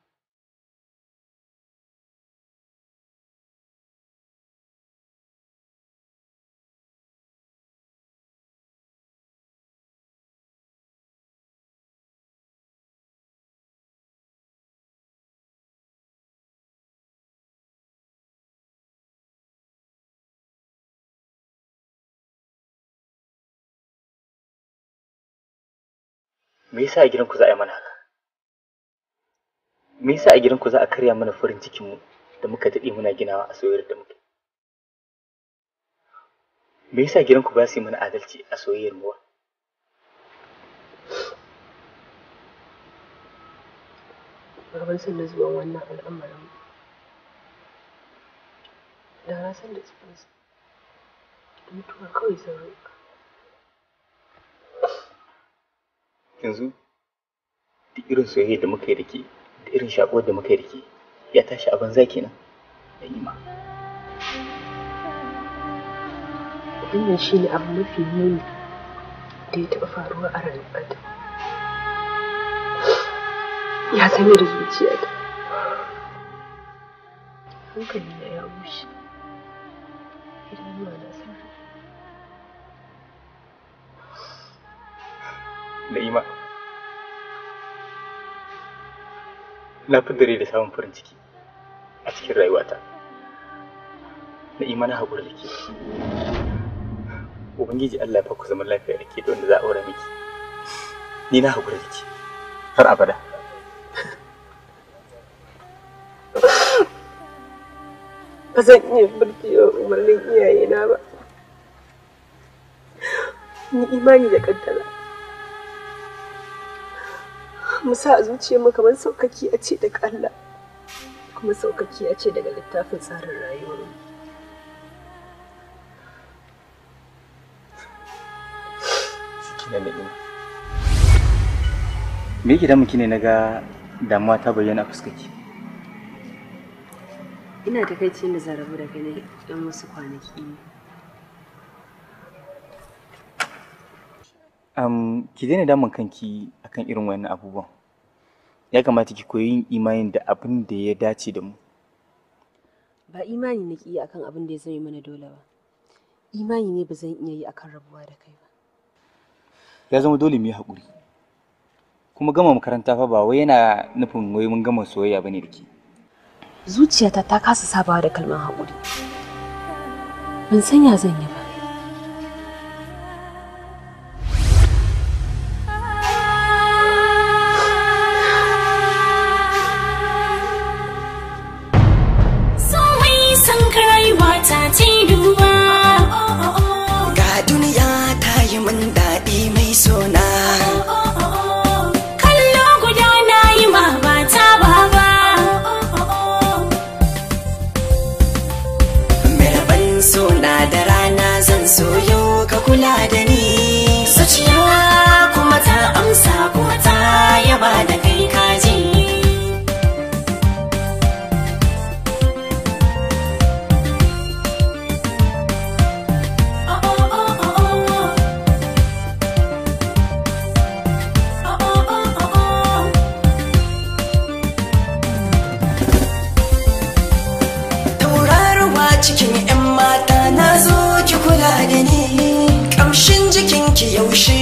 me yasa a gidanku za a yi mana haka me yasa a gidanku za a karya mana farin cikinmu da muka daɗe muna ginawa a soyayyar da muke me yasa gidanku ba su yi mana adalci a soyayyar mu Baban gaban sun da zuwan wannan al'amarin da na san da cikinsa mutuwa kawai sun rinka yanzu duk irin soyayya da muka yi da ke da irin shakuwar da muka yi da ke ya tashi a banza kenan da ima wannan shi ne abu mafi muni da ya taɓa faruwa a rayuwar ya sami da zuciya ta hankali na ya bushe idanuwa na sarrafa da ima na fidare da samun farin ciki a cikin rayuwata na ima na haƙuri da ke ubangiji allah fa ku zama lafiya da ke da wanda za a aure miki ni na haƙuri da ke har abada ba zan iya wa umarnin iyayena ba ni imani da kaddara mu sa a zuciyar mu kamar saukaki a ce daga Allah kuma saukaki a ce daga littafin tsarin rayuwar mu Sikina ne Me yake damu kine naga damuwa ta bayyana a fuskarki? Ina takaicin da zarabu da kai ne ɗan wasu kwanaki ne. Um, ki daina damun kanki akan irin wannan abubuwan ya kamata ki koyi yin imani da abin da ya dace da mu ba imani ne ki akan abin da ya yi mana dole ba imani ne ba zan iya yi akan rabuwa da kai ba ya zama dole mu yi hakuri. kuma gama makaranta fa ba wai yana nufin wai mun gama soyayya bane da ke zuciyata ta kasa sabawa da kalmar hakuri ban san ya zan yi ba 有时。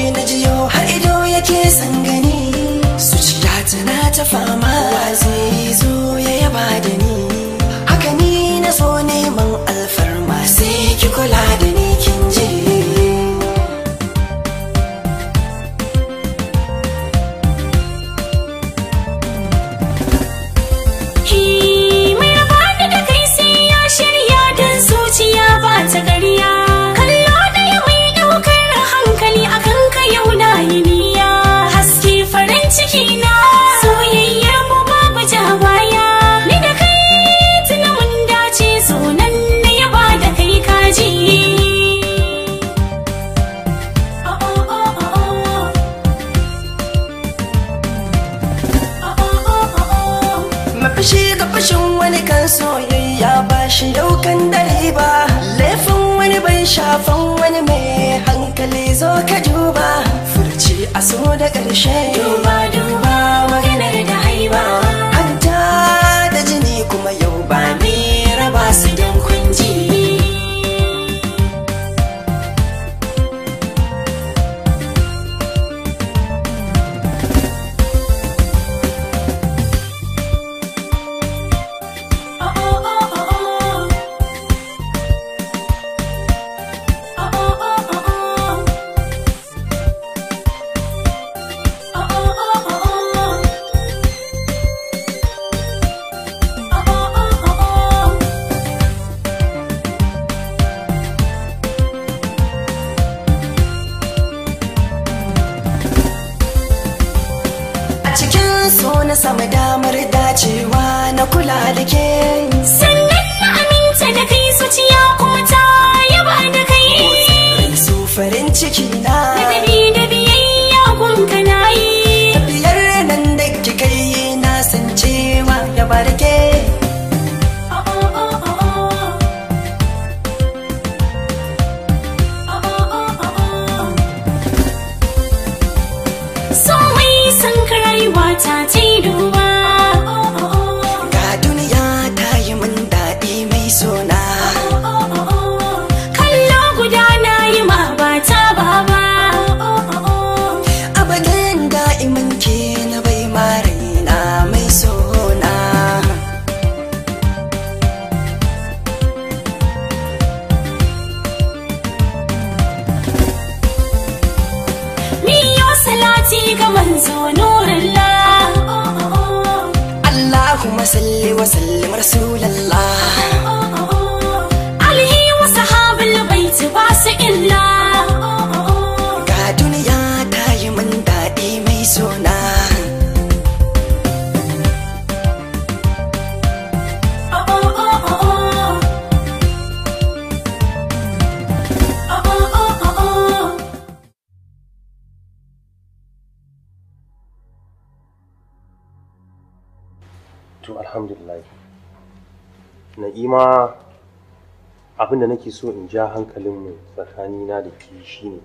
abin da nake so in ja hankalin hankalinmu tsakanina da ke shi ne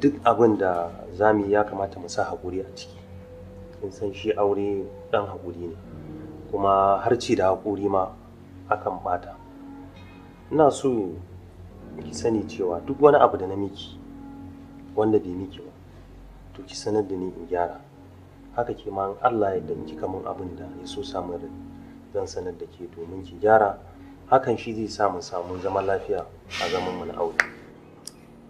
duk abin da za mu ya kamata mu sa haƙuri a ciki in san shi aure ɗan haƙuri ne kuma har ci da haƙuri ma akan bata ina so ki sani cewa duk wani abu da na miki wanda bai miki ba to ki sanar da ni in gyara haka ke ma Allah ya danki kamar abin da ya so samun zan sanar da ke domin ki gyara hakan shi zai samu samun zaman lafiya a zaman mu na aure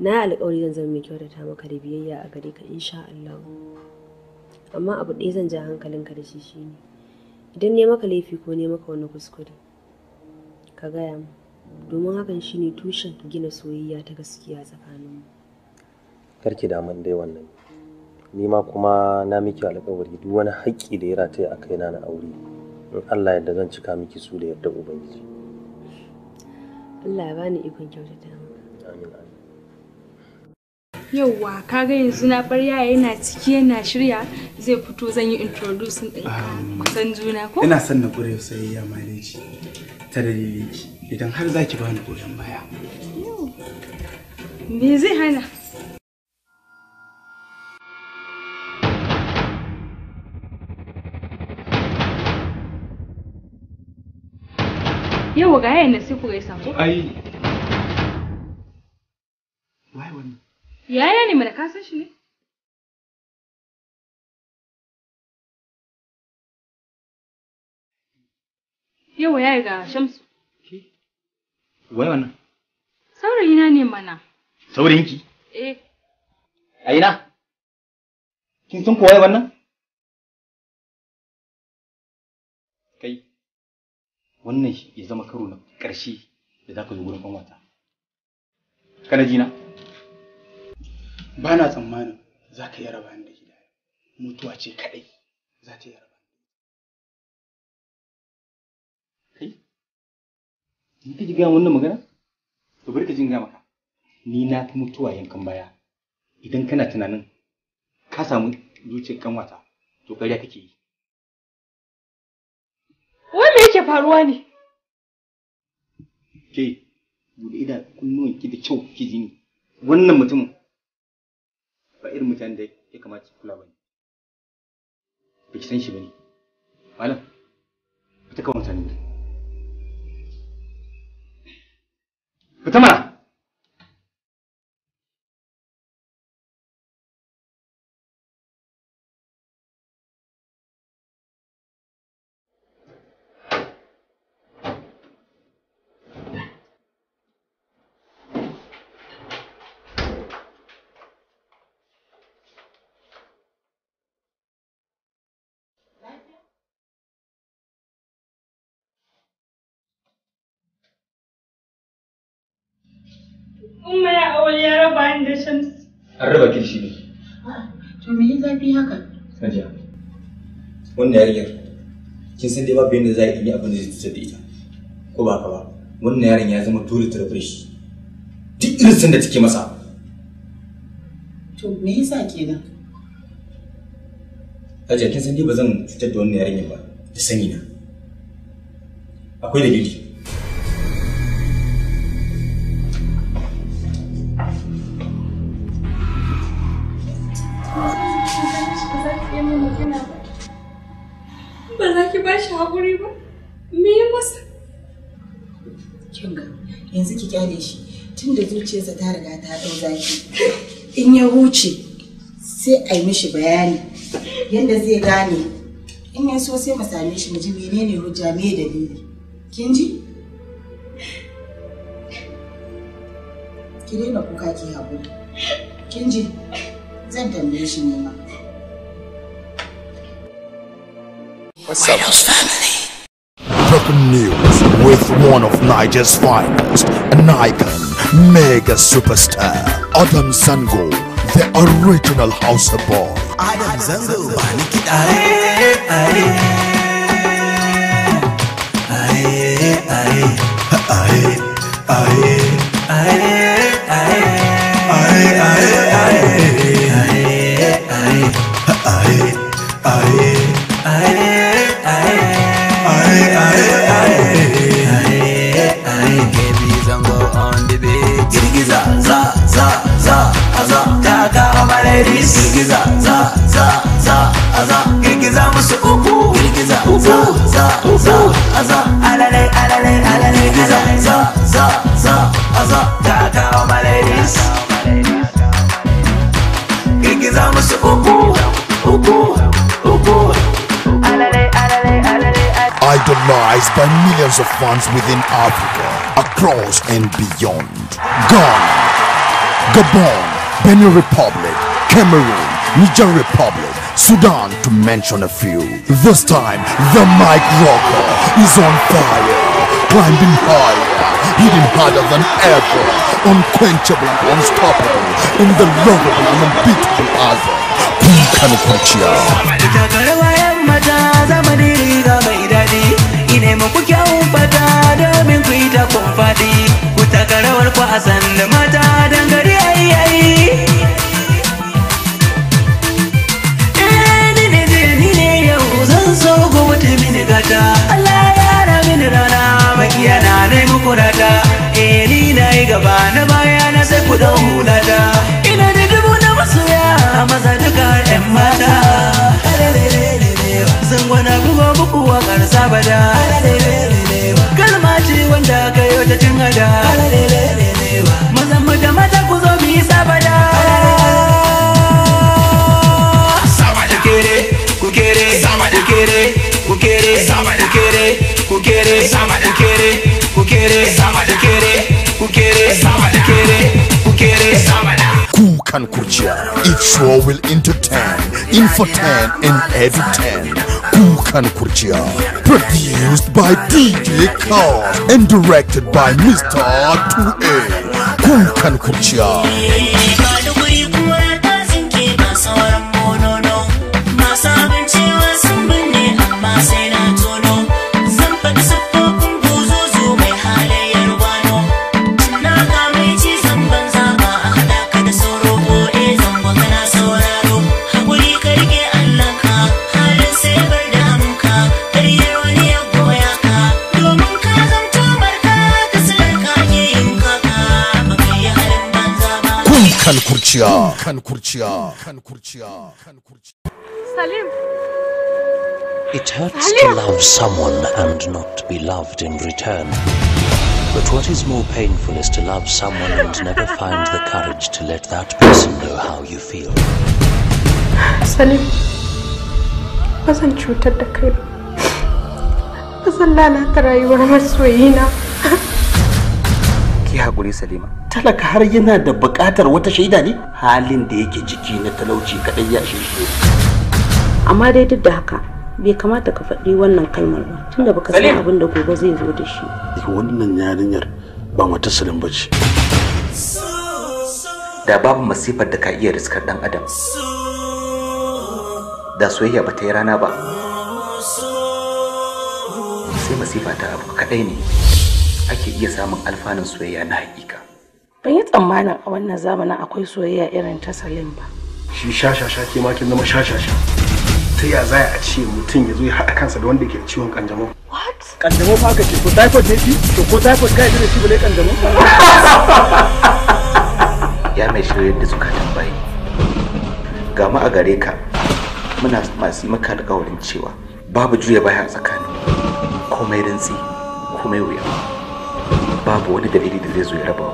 na alƙawari zan zama mai kyautata maka da biyayya a gare ka insha Allah amma abu ɗaya zan ja hankalinka da shi shine idan ne maka laifi ko ne maka wani kuskure ka gaya mu domin hakan shine tushen gina soyayya ta gaskiya tsakanin mu karki daman dai wannan ni ma kuma na miki alƙawari duk wani haƙƙi da ya rataya a kaina na aure in Allah yadda zan cika miki su da yadda ubangiji Allah ya bani ikon kyautata yauwa kaga yanzu na bar yaya yana ciki yana shirya zai fito zan yi introducing din kusan juna ko ina son na gure sai ya shi ta dalilin idan har zaki bani goyon baya me zai hana Yau ga yayin sai ku gaisa ko? Ai. Wai wannan. Yaya ne mana ka san shi ne? Yau yayi ga Shamsu. Ke? Wai wannan. Saurayina ne mana. Saurayinki? Eh. A ina? Kin san kowaye wannan? wannan ya zama karo na ƙarshe da za ka zo wurin ƙanwata kana jina ba na tsammanin za ka yi raba da gida mutuwa ce kaɗai za ta yi raba kai Ni ka ji gaya wannan magana to bari ka jin gaya maka ni na fi mutuwa yankan baya idan kana tunanin ka samu zuciyar wata, to ƙarya kake yi yake faruwa ne? Ke, bude ida kunnuwan ki da kyau ki ji ni. Wannan mutum ba irin mutane da ya kamata ki kula ba ne. Ba ki san shi ba ne. Malam, ba ta kawo mutane. ba. Ba ta mana! Umma ya aure ya raba ni da Shamsu. An raba ki shi ne. Ah, to me ya zafi haka? Hajiya. Wannan yarinyar kin san dai babu yadda za ki yi abin da zai cutar da ita. Ko ba ka ba? Wannan yaron ya zama dole ta rabu shi. Duk irin sanda take masa. To me yasa kenan? Hajiya kin san dai ba zan fitar da wannan yarinyar ba da sani na. Akwai dalili. share shi tunda zuciyarsa ta riga ta dau zaki in ya huce sai a yi mishi bayani yadda zai gane in ya so sai mu same shi mu ji menene hujja me da dalili kin ji ki daina kuka ki haƙuri kin ji zan tambaye shi ne ma What's up? Family. Broken news. with one of Niger's finest, an icon, mega superstar, Adam Sango, the original house boy. Adam Zango, aye, aye, aye recognized by millions of fans within Africa, across and beyond. Ghana, Gabon, Benin Republic, Cameroon, Niger Republic, Sudan, to mention a few. This time, the mic Rocker is on fire, climbing higher, hitting harder than ever, unquenchable and unstoppable, in the lovable and unbeatable album, Kun Kanikuchia. nemi ku kyau fata domin kuyi yi ta ku taka ku a sanda mata don gari ayi ayi eh, Allah ya ramin rana makiya na nai muku rata eh ni na yi gaba na baya na sai ku hulata ina da dubu na masoya maza duka 'yan mata san gwana kuma muku wakar sabada kalma ce wanda ka yi wata cin hada mazan mu da mata ku zo mu yi sabada kukere kukere kukere kukere kukere kukere kukere kukere will entertain, infotain, and entertain. Tukan Kurchia. Produced by DJ Carl and directed by Mr. 2A. Tukan Kurchia. Salim. It hurts Salim. to love someone and not be loved in return. But what is more painful is to love someone and never find the courage to let that person know how you feel. Salim, wasn't ba zan cutar da kai ba. Ba zan lalata rayuwar masoyina. hakuri salima talaka har yana da buƙatar wata shaida ne halin da yake ciki na talauci kadai ya shi shi amma dai duk da haka bai kamata ka faɗi wannan kalmar ba tunda baka san abin da gobe zai zo da shi eh, wannan yarinyar ba mata salim ba ce da babu masifar da ka iya riskar ɗan adam da soyayya ba ta yi rana ba sai masifa ta abu kaɗai ne ake iya samun alfanun soyayya na hakika. Ban yi tsammanin a wannan zamanin akwai soyayya irin ta Salim ba. Shi shashasha ke makin zama shashasha. Ta ya za a ce mutum ya zo ya haɗa kansa da wanda ke ciwon kanjamau. What? Kanjamau fa ka ce ko typhoid ne shi? To ko typhoid kai yi da shi bale kanjamau? Ya mai shirin da zukatan tambaye. Ga mu a gare ka muna masu maka alƙawarin cewa babu juya baya a tsakanin komai rintsi komai wuya. babu wani dalili da zai zo ya raba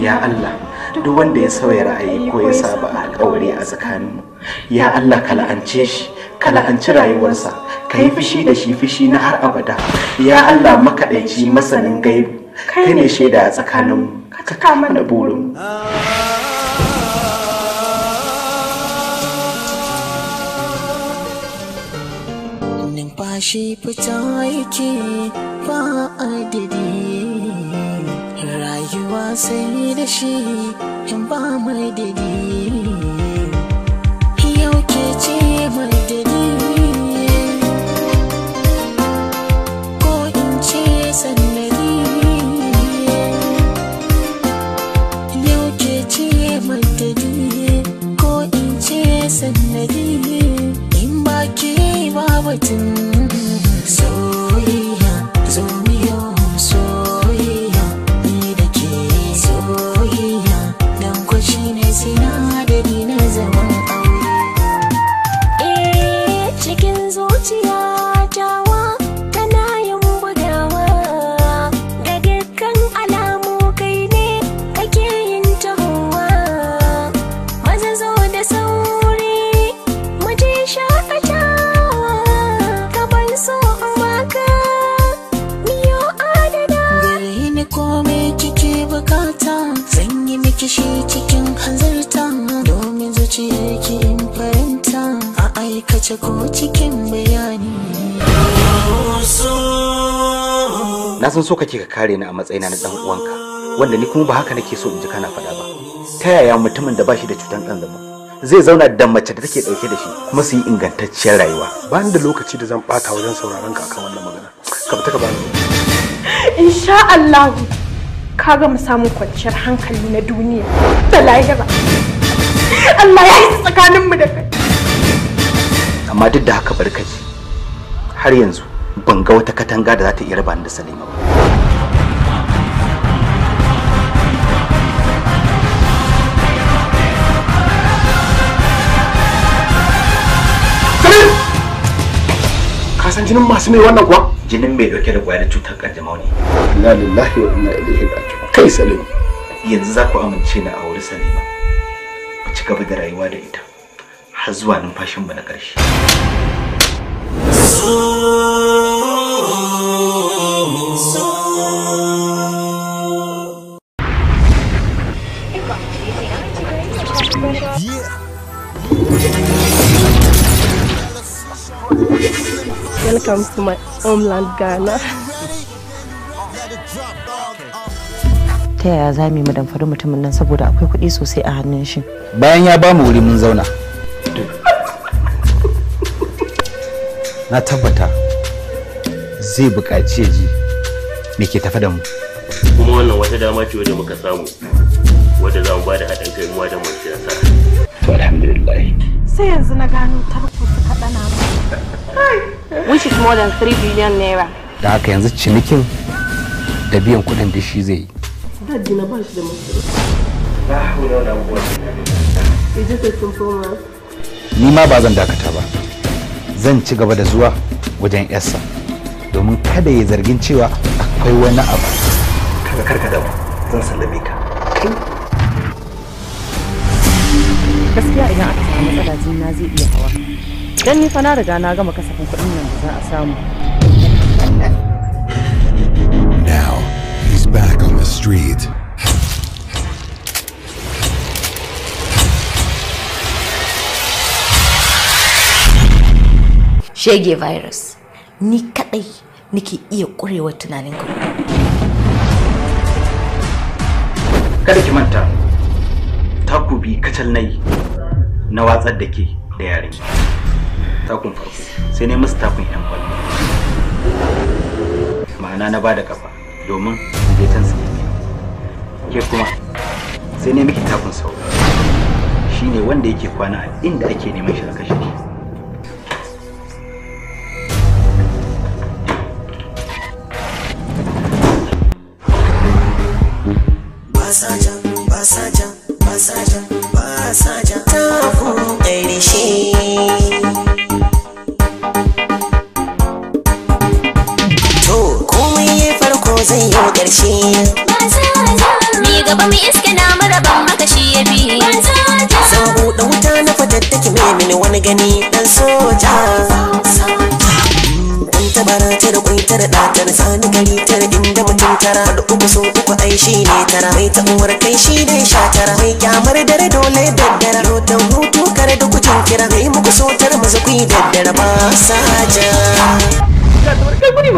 ya Allah duk wanda ya sauya ra'ayi ko ya saba alƙawari a tsakaninmu ya Allah ka la'ance shi ka la'anci rayuwarsa ka yi fushi da shi fushi na har abada ya Allah makaɗaici masanin gaibu kai ne shaida a tsakaninmu ka cika mana burinmu shi fita yake ba adadi rayuwa sai da shi in ba mai dadi ɗazun so kake ka kare ni a matsayina na ɗan uwanka wanda ni kuma ba haka nake so in ji kana faɗa ba ta yaya mutumin da ba shi da cutan zama zai zauna da mace da take dauke da shi kuma su yi ingantacciyar rayuwa ba da lokaci da zan ɓata wajen sauraron ka akan wannan magana ka fita ka bani insha Allah ka ga mu samu kwanciyar hankali na duniya da lahira Allah ya yi mu da kai amma duk da haka barkaci har yanzu ban ga wata katanga da za ta iya raba ni da Salima ba san jinin masu mai wannan kuwa jinin mai dauke da kwayar cutar kanjamau ne inna lillahi wa inna ilaihi raji'un kai salim yanzu za ku amince na wuri salima ku ci gaba da rayuwa da ita har zuwa numfashin mu na ƙarshe Welcome to my homeland Ghana. Ta yaya za mu yi damfari mutumin nan saboda akwai kuɗi sosai a hannun shi. Bayan ya ba mu wuri mun zauna. Na tabbata zai buƙaci ya ji me ke tafa da mu. Kuma wannan wata dama ce wadda muka samu wadda za mu ba da haɗin kai mu da masu alhamdulillah. Sai yanzu na gano tarko su kaɗana. which is more than 3 billion naira. Da haka yanzu cinikin da biyan kuɗin da shi zai yi. Daddy na ba shi da masu. Ni ma ba zan dakata ba. Zan ci gaba da zuwa wajen yarsa domin kada ya zargin cewa akwai wani abu. Kaga karka da zan sallame ka. gaskiya idan aka samu matsala juna zai iya hawa Dan ni fana da riga na gama kasafin kuɗin nan da za a samu. Now he's back on the street. Shege virus, ni kaɗai nake iya ƙurewar tunanin ku. Kada ki manta, takubi kacal na na watsar da ke da yare. takun farko sai ne musu takun yan kwallo ma'ana na bada kafa domin betan su ke kuma sai ne miki takun sauro shine wanda yake kwana a inda ake neman shi a kashe shi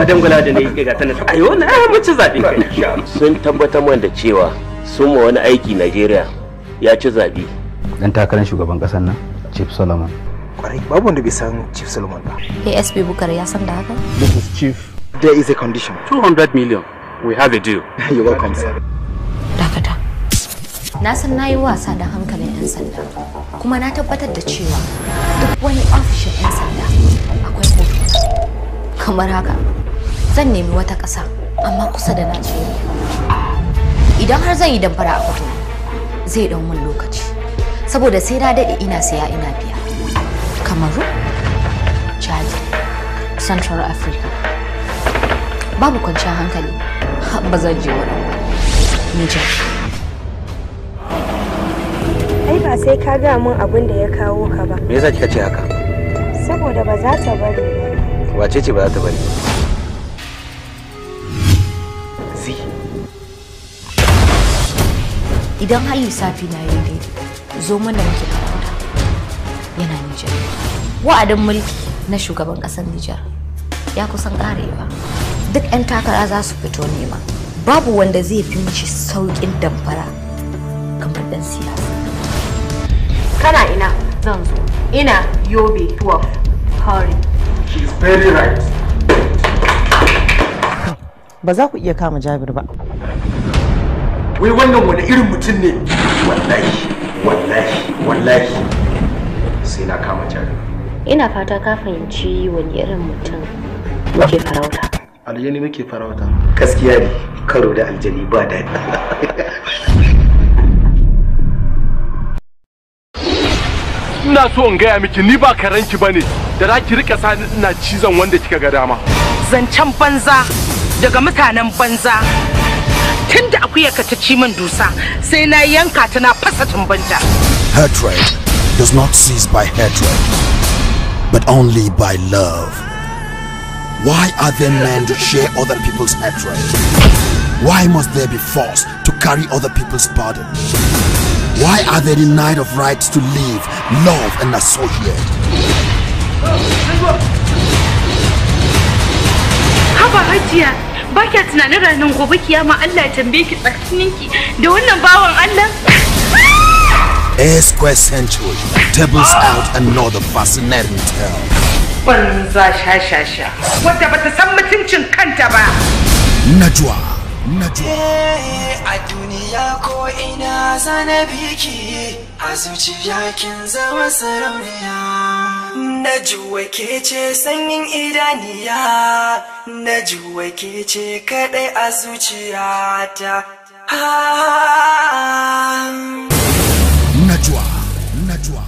kwadangwala da na yi ga ta ayo na mace zaɓe kai sun tabbatar man da cewa sun ma wani aiki Najeriya ya ci zaɓe dan takarar shugaban ƙasar nan Chief Solomon kwarai babu wanda bai san Chief Solomon ba ASP Bukar ya san da haka this is Chief there is a condition 200 million we have a deal you're welcome sir dakata na san na wasa da hankalin 'yan sanda kuma na tabbatar da cewa duk wani ofishin 'yan sanda akwai kotu kamar haka zan nemi wata ƙasa amma kusa da Najeriya. Idan har zan yi damfara a kudu zai ɗan mun lokaci saboda sai na daɗe ina saya ina biya. Kamaru, Chad, Central Africa. Babu kwanciyar hankali ba zan je wani Nijar. Ai ba sai ka ga min abin da ya kawo ka ba. Me yasa kika ce haka? Saboda ba za ta bari. Wace ce ba za ta bari? idan har lissafi na yi daidai zo mana muke farauta yana Nijar. Wa'adin mulki na shugaban ƙasar Nijar ya kusan ƙarewa. Duk 'yan takara za su fito nema. Babu wanda zai fi mishi sauƙin damfara kamar ɗan siyasa. Kana ina zan zo. Ina Yobe 12. Hurry. She is very right. Ba za ku iya kama Jabir ba. wai wannan wani irin mutum ne wallahi wallahi wallahi sai na kama jari ina fata ka fahimci wani irin mutum muke farauta aljani muke farauta gaskiya ne karo da aljani ba daɗi ina so in gaya miki ni ba karanki bane da za ki rika sani ina cizon wanda kika ga dama zancen banza daga mutanen banza tun da akuya ka ta ci min dusa sai na yanka ta na fasa tumbanta hatred does not cease by hatred but only by love why are there men to share other people's hatred why must there be forced to carry other people's burden why are they denied of rights to live love and associate Haba ba kya tunanin ranar gobe kiyama Allah ya tambaye ki tsakaninki da wannan bawan Allah A square century tables out another fascinating tale. Banza sha sha sha wadda bata san mutuncin kanta ba. Najwa Najwa. Eh, a duniya ko ina zana biki a zuciya kin zama sarauniya. na ce sanyin idaniya na ke ce kaɗai a zuciyata Najuwa. Najuwa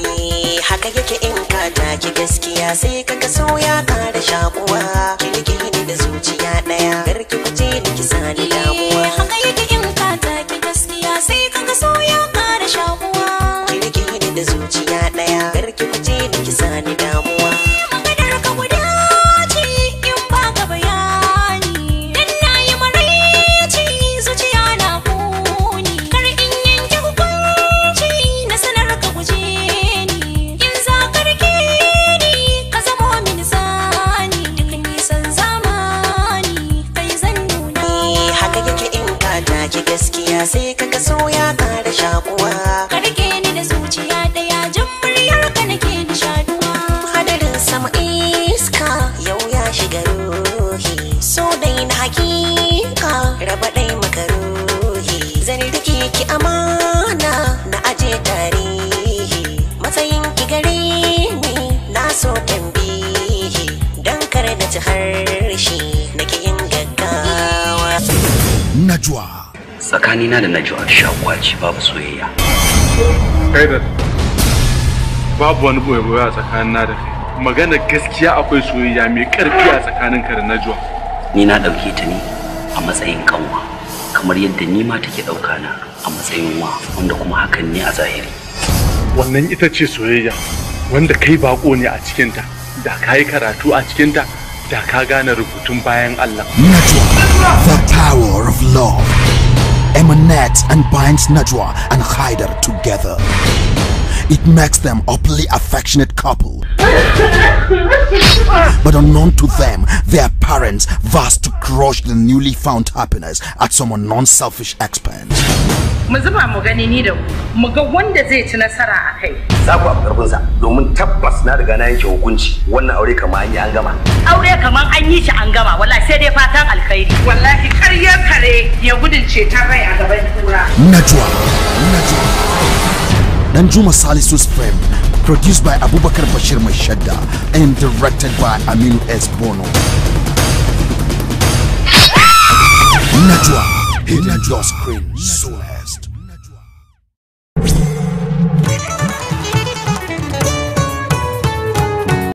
eh, haka yake in ka taki gaskiya sai kaga sauya ya kara shakuwa kirki da zuciya ɗaya garki kuce da ki da damuwa eh, haka yake in ka taki gaskiya sai ka sauya ya kara shakuwa da zuciya ɗaya garki fice da sani ni damu tsakanina da najwa shakuwa ce babu soyayya kai da babu wani boye-boye a tsakanin na da kai magana gaskiya akwai soyayya mai karfi a tsakanin da najwa ni na ɗauke ta ne a matsayin kanwa kamar yadda ni ma take ɗauka na a matsayin wa wanda kuma hakan ne a zahiri wannan ita ce soyayya wanda kai bako ne a cikinta da ka yi karatu a cikinta da ka gane rubutun bayan Allah. the power of love. net and binds Najwa and Haider together. It makes them a happily affectionate couple. But unknown to them, their parents vast to crush the newly found happiness at some non-selfish expense. Mu zuba mu gani ni da mu ga wanda zai ci nasara a kai. Za ku abu karfinsa domin tabbas na riga na yanke hukunci wannan aure kamar an yi an gama. Aure kamar an yi shi an gama wallahi sai dai fatan alkhairi. Wallahi karya kare ya gudun ceton rai a gaban tura. Najwa, Najwa. Dan Juma Salisu's friend produced by Abubakar Bashir Mashadda and directed by Aminu S. Bono. Network, hidden door screen,